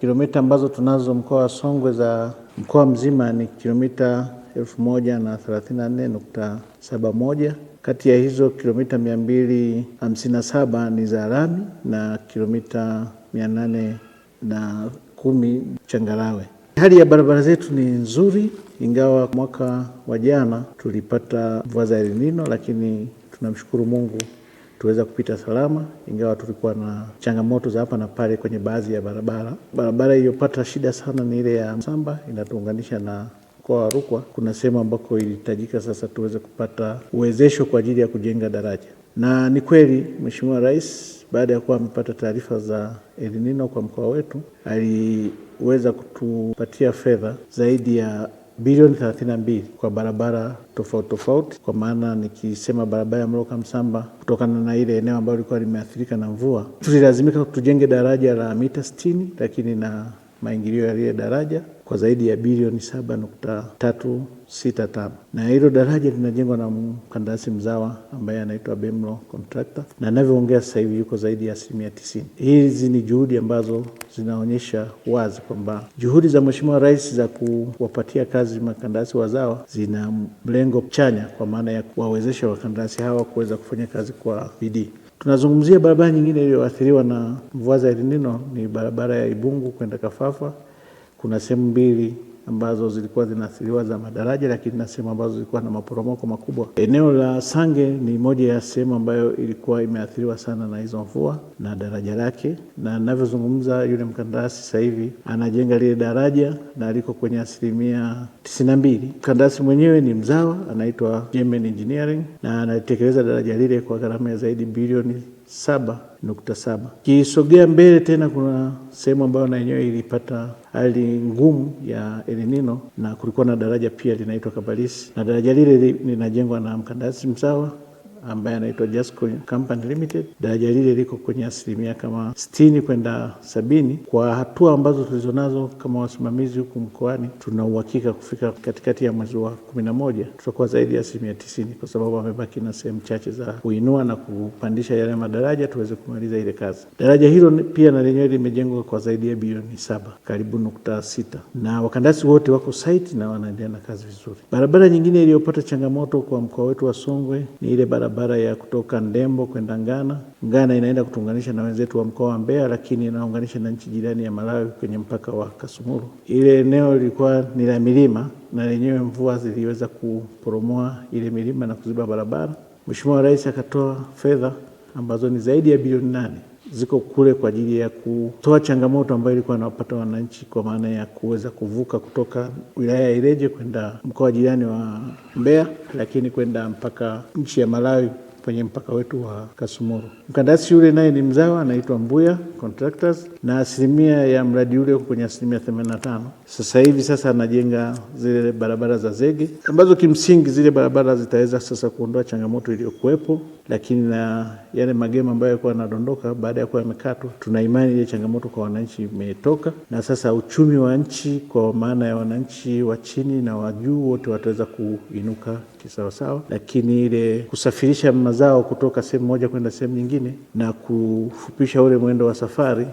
Kilomita ambazo tunazo mkoa wa Songwe za mkoa mzima ni kilomita 1034.71. Kati ya hizo kilomita 257 ni za lami na kilomita 810 changarawe. Hali ya barabara zetu ni nzuri, ingawa mwaka wa jana tulipata mvua za El Nino, lakini tunamshukuru Mungu tuweza kupita salama, ingawa tulikuwa na changamoto za hapa na pale kwenye baadhi ya barabara. Barabara iliyopata shida sana ni ile ya Msamba, inatuunganisha na mkoa wa Rukwa. Kuna sehemu ambako ilihitajika sasa tuweze kupata uwezesho kwa ajili ya kujenga daraja, na ni kweli Mheshimiwa Rais baada ya kuwa amepata taarifa za El Nino kwa mkoa wetu aliweza kutupatia fedha zaidi ya bilioni 32 kwa barabara tofauti tofauti. Kwa maana nikisema barabara ya Mloka Msamba, kutokana na ile eneo ambalo ilikuwa limeathirika na mvua, tulilazimika tujenge daraja la mita 60 lakini na maingilio ya lile daraja kwa zaidi ya bilioni 7.365 na hilo daraja linajengwa na mkandarasi mzawa ambaye anaitwa Bemlo Contractor, na anavyoongea sasa hivi yuko zaidi ya asilimia tisini. Hizi ni juhudi ambazo zinaonyesha wazi kwamba juhudi za Mheshimiwa Rais za kuwapatia kazi makandarasi wazawa zina mlengo chanya, kwa maana ya kuwawezesha wakandarasi hawa kuweza kufanya kazi kwa bidii. Tunazungumzia barabara nyingine iliyoathiriwa na mvua za El Nino, ni barabara ya Ibungu kwenda Kafafa kuna sehemu mbili ambazo zilikuwa zinaathiriwa za madaraja, lakini na sehemu ambazo zilikuwa na maporomoko makubwa. Eneo la Sange ni moja ya sehemu ambayo ilikuwa imeathiriwa sana na hizo mvua na daraja lake, na navyozungumza, yule mkandarasi sasa hivi anajenga lile daraja na liko kwenye asilimia tisini na mbili. Mkandarasi mwenyewe ni mzawa, anaitwa German Engineering na anatekeleza daraja lile kwa gharama ya zaidi bilioni saba nukta saba. Kisogea mbele tena, kuna sehemu ambayo na yenyewe ilipata hali ngumu ya elinino na kulikuwa na daraja pia linaitwa Kabalisi, na daraja lile linajengwa na mkandarasi msawa ambaye anaitwa Jasco Company Limited. Daraja lile liko kwenye asilimia kama sitini kwenda sabini. Kwa hatua ambazo tulizonazo kama wasimamizi huku mkoani, tuna uhakika kufika katikati ya mwezi wa kumi na moja tutakuwa zaidi ya asilimia tisini, kwa sababu amebaki na sehemu chache za kuinua na kupandisha yale madaraja tuweze kumaliza ile kazi. Daraja hilo pia na lenyewe limejengwa kwa zaidi ya bilioni saba karibu nukta sita na wakandasi wote wako site na wanaendelea na kazi vizuri. Barabara nyingine iliyopata changamoto kwa mkoa wetu wa Songwe ni ile barabara barabara ya kutoka Ndembo kwenda Ngana. Ngana inaenda kutuunganisha na wenzetu wa mkoa wa Mbeya, lakini inaunganisha na nchi jirani ya Malawi kwenye mpaka wa Kasumuru. Ile eneo lilikuwa ni la milima na lenyewe mvua ziliweza kuporomoa ile milima na kuziba barabara. Mheshimiwa Rais akatoa fedha ambazo ni zaidi ya bilioni nane ziko kule kwa ajili ya kutoa changamoto ambayo ilikuwa anawapata wananchi kwa maana ya kuweza kuvuka kutoka wilaya ya Ileje kwenda mkoa jirani wa Mbeya, lakini kwenda mpaka nchi ya Malawi kwenye mpaka wetu wa Kasumuru. Mkandarasi yule naye ni mzawa, anaitwa Mbuya Contractors, na asilimia ya mradi ule uko kwenye asilimia 85. Sasa hivi sasa anajenga zile barabara za zege ambazo kimsingi zile barabara zitaweza sasa kuondoa changamoto iliyokuwepo, lakini na yale magemu ambayo yalikuwa yanadondoka baada ya kuwa yamekatwa. Tuna imani ile changamoto kwa wananchi imetoka, na sasa uchumi wa nchi kwa maana ya wananchi wa chini na wa juu wote wataweza kuinuka kisawasawa, lakini ile kusafirisha mazao kutoka sehemu moja kwenda sehemu nyingine na kufupisha ule mwendo wa safari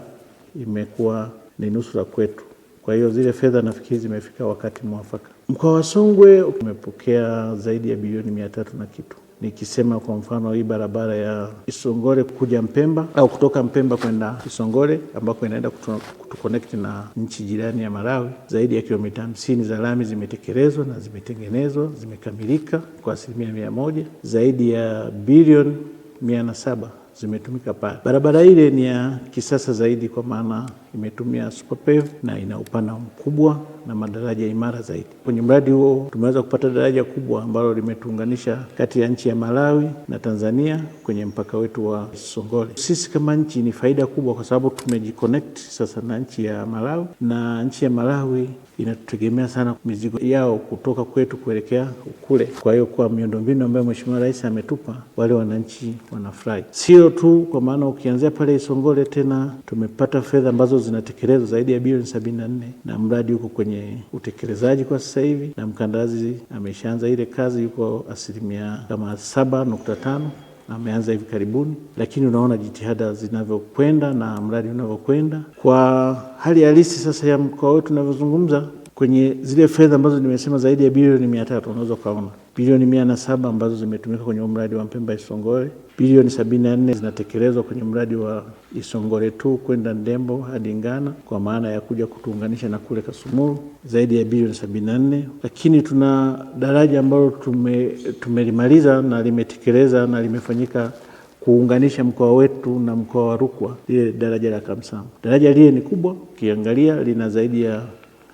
imekuwa ni nusura kwetu. Kwa hiyo zile fedha nafikiri zimefika wakati mwafaka. Mkoa wa Songwe umepokea zaidi ya bilioni mia tatu na kitu nikisema kwa mfano hii barabara ya Isongore kuja Mpemba au kutoka Mpemba kwenda Isongore ambako inaenda kutuconnect na nchi jirani ya Malawi, zaidi ya kilomita hamsini za lami zimetekelezwa na zimetengenezwa, zimekamilika kwa asilimia mia moja, zaidi ya bilioni mia na saba zimetumika pale. Barabara ile ni ya kisasa zaidi, kwa maana imetumia superpave na ina upana mkubwa na madaraja imara zaidi. Kwenye mradi huo tumeweza kupata daraja kubwa ambalo limetuunganisha kati ya nchi ya Malawi na Tanzania kwenye mpaka wetu wa Songole. Sisi kama nchi ni faida kubwa, kwa sababu tumejiconnect sasa na nchi ya Malawi, na nchi ya Malawi inatutegemea sana mizigo yao kutoka kwetu kuelekea kule. Kwa hiyo, kwa miundombinu ambayo Mheshimiwa Rais ametupa, wale wananchi wanafurahi, sio sio tu kwa maana ukianzia pale Isongole tena tumepata fedha ambazo zinatekelezwa zaidi ya bilioni sabini na nne na mradi huko kwenye utekelezaji kwa sasa hivi, na mkandarasi ameshaanza ile kazi, yuko asilimia kama saba nukta tano ameanza hivi karibuni, lakini unaona jitihada zinavyokwenda na mradi unavyokwenda kwa hali halisi sasa ya mkoa wetu unavyozungumza kwenye zile fedha ambazo nimesema zaidi ya bilioni mia tatu unaweza ukaona bilioni mia na saba ambazo zimetumika kwenye mradi wa Mpemba Isongole bilioni 74 zinatekelezwa kwenye mradi wa Isongole tu kwenda Ndembo hadi Ngana kwa maana ya kuja kutuunganisha na kule kasumuru zaidi ya bilioni 74. Lakini tuna daraja ambalo tume, tumelimaliza na limetekeleza na limefanyika kuunganisha mkoa wetu na mkoa wa Rukwa, lile daraja la Kamsamu. Daraja lile ni kubwa, ukiangalia lina zaidi ya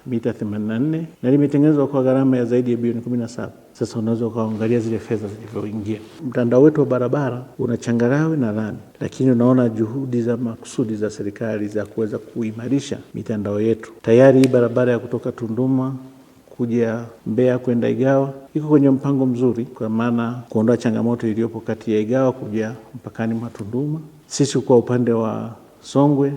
mita 84 na limetengenezwa kwa gharama ya zaidi ya bilioni 17. Sasa unaweza ukaangalia zile fedha zilivyoingia. Mtandao wetu wa barabara una changarawe na lami, lakini unaona juhudi za makusudi za serikali za kuweza kuimarisha mitandao yetu. Tayari hii barabara ya kutoka Tunduma kuja Mbeya kwenda Igawa iko kwenye mpango mzuri, kwa maana kuondoa changamoto iliyopo kati ya Igawa kuja mpakani mwa Tunduma. Sisi kwa upande wa Songwe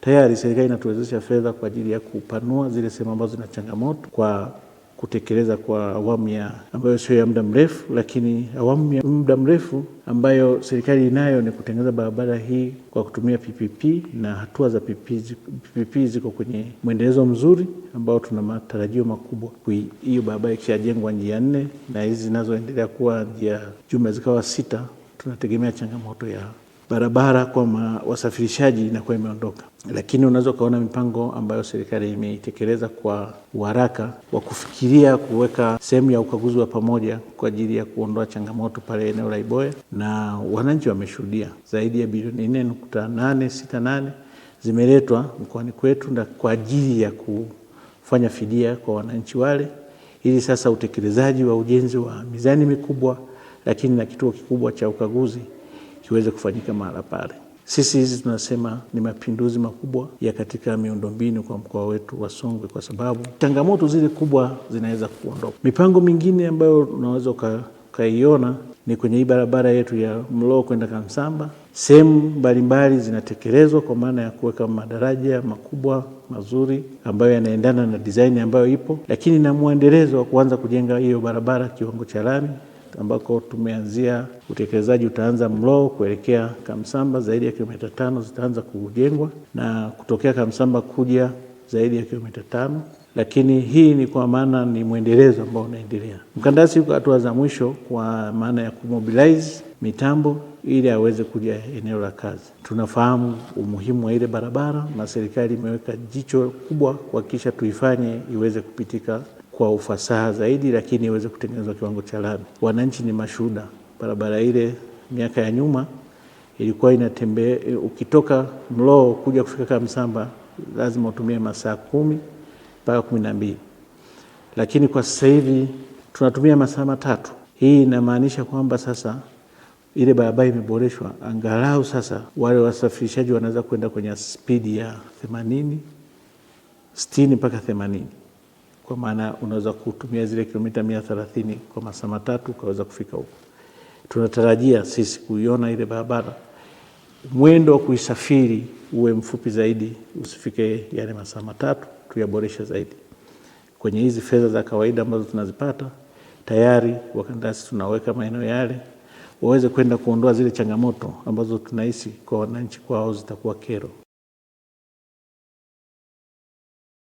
tayari serikali inatuwezesha fedha kwa ajili ya kupanua zile sehemu ambazo zina changamoto kwa kutekeleza kwa awamu ya ambayo sio ya muda mrefu, lakini awamu ya muda mrefu ambayo serikali inayo ni kutengeneza barabara hii kwa kutumia PPP na hatua za PPP ziko kwenye mwendelezo mzuri ambao tuna matarajio makubwa. Hiyo barabara ikishajengwa njia nne na hizi zinazoendelea kuwa njia jumla zikawa sita, tunategemea changamoto ya barabara kwa wasafirishaji inakuwa imeondoka, lakini unaweza ukaona mipango ambayo serikali imeitekeleza kwa uharaka wa kufikiria kuweka sehemu ya ukaguzi wa pamoja kwa ajili ya kuondoa changamoto pale eneo la Iboya, na wananchi wameshuhudia zaidi ya bilioni nne nukta nane sita nane zimeletwa mkoani kwetu na kwa ajili ya kufanya fidia kwa wananchi wale, ili sasa utekelezaji wa ujenzi wa mizani mikubwa, lakini na kituo kikubwa cha ukaguzi kiweze kufanyika mahala pale. Sisi hizi tunasema ni mapinduzi makubwa ya katika miundombinu kwa mkoa wetu wa Songwe, kwa sababu changamoto zile kubwa zinaweza kuondoka. Mipango mingine ambayo unaweza ukaiona ni kwenye hii barabara yetu ya Mloo kwenda Kamsamba, sehemu mbalimbali zinatekelezwa kwa maana ya kuweka madaraja makubwa mazuri ambayo yanaendana na dizaini ambayo ipo, lakini na mwendelezo wa kuanza kujenga hiyo barabara kiwango cha lami ambako tumeanzia utekelezaji utaanza Mloo kuelekea Kamsamba, zaidi ya kilomita tano zitaanza kujengwa na kutokea Kamsamba kuja zaidi ya kilomita tano lakini hii ni kwa maana ni mwendelezo ambao unaendelea. Mkandarasi yuko hatua za mwisho kwa maana ya kumobilize mitambo ili aweze kuja eneo la kazi. Tunafahamu umuhimu wa ile barabara na serikali imeweka jicho kubwa kuhakikisha tuifanye iweze kupitika kwa ufasaha zaidi, lakini iweze kutengenezwa kiwango cha lami. Wananchi ni mashuhuda, barabara ile miaka ya nyuma ilikuwa inatembea, ukitoka Mloo kuja kufika Kamsamba lazima utumie masaa kumi mpaka kumi na mbili lakini kwa sasa hivi tunatumia masaa matatu. Hii inamaanisha kwamba sasa ile barabara imeboreshwa, angalau sasa wale wasafirishaji wanaweza kwenda kwenye spidi ya themanini sitini mpaka themanini kwa maana unaweza kutumia zile kilomita mia thelathini kwa masaa matatu ukaweza kufika huko. Tunatarajia sisi kuiona ile barabara, mwendo wa kuisafiri uwe mfupi zaidi, usifike yale masaa matatu, tuyaboreshe zaidi. Kwenye hizi fedha za kawaida ambazo tunazipata tayari, wakandarasi tunaweka maeneo yale waweze kwenda kuondoa zile changamoto ambazo tunahisi kwa wananchi kwao zitakuwa kero.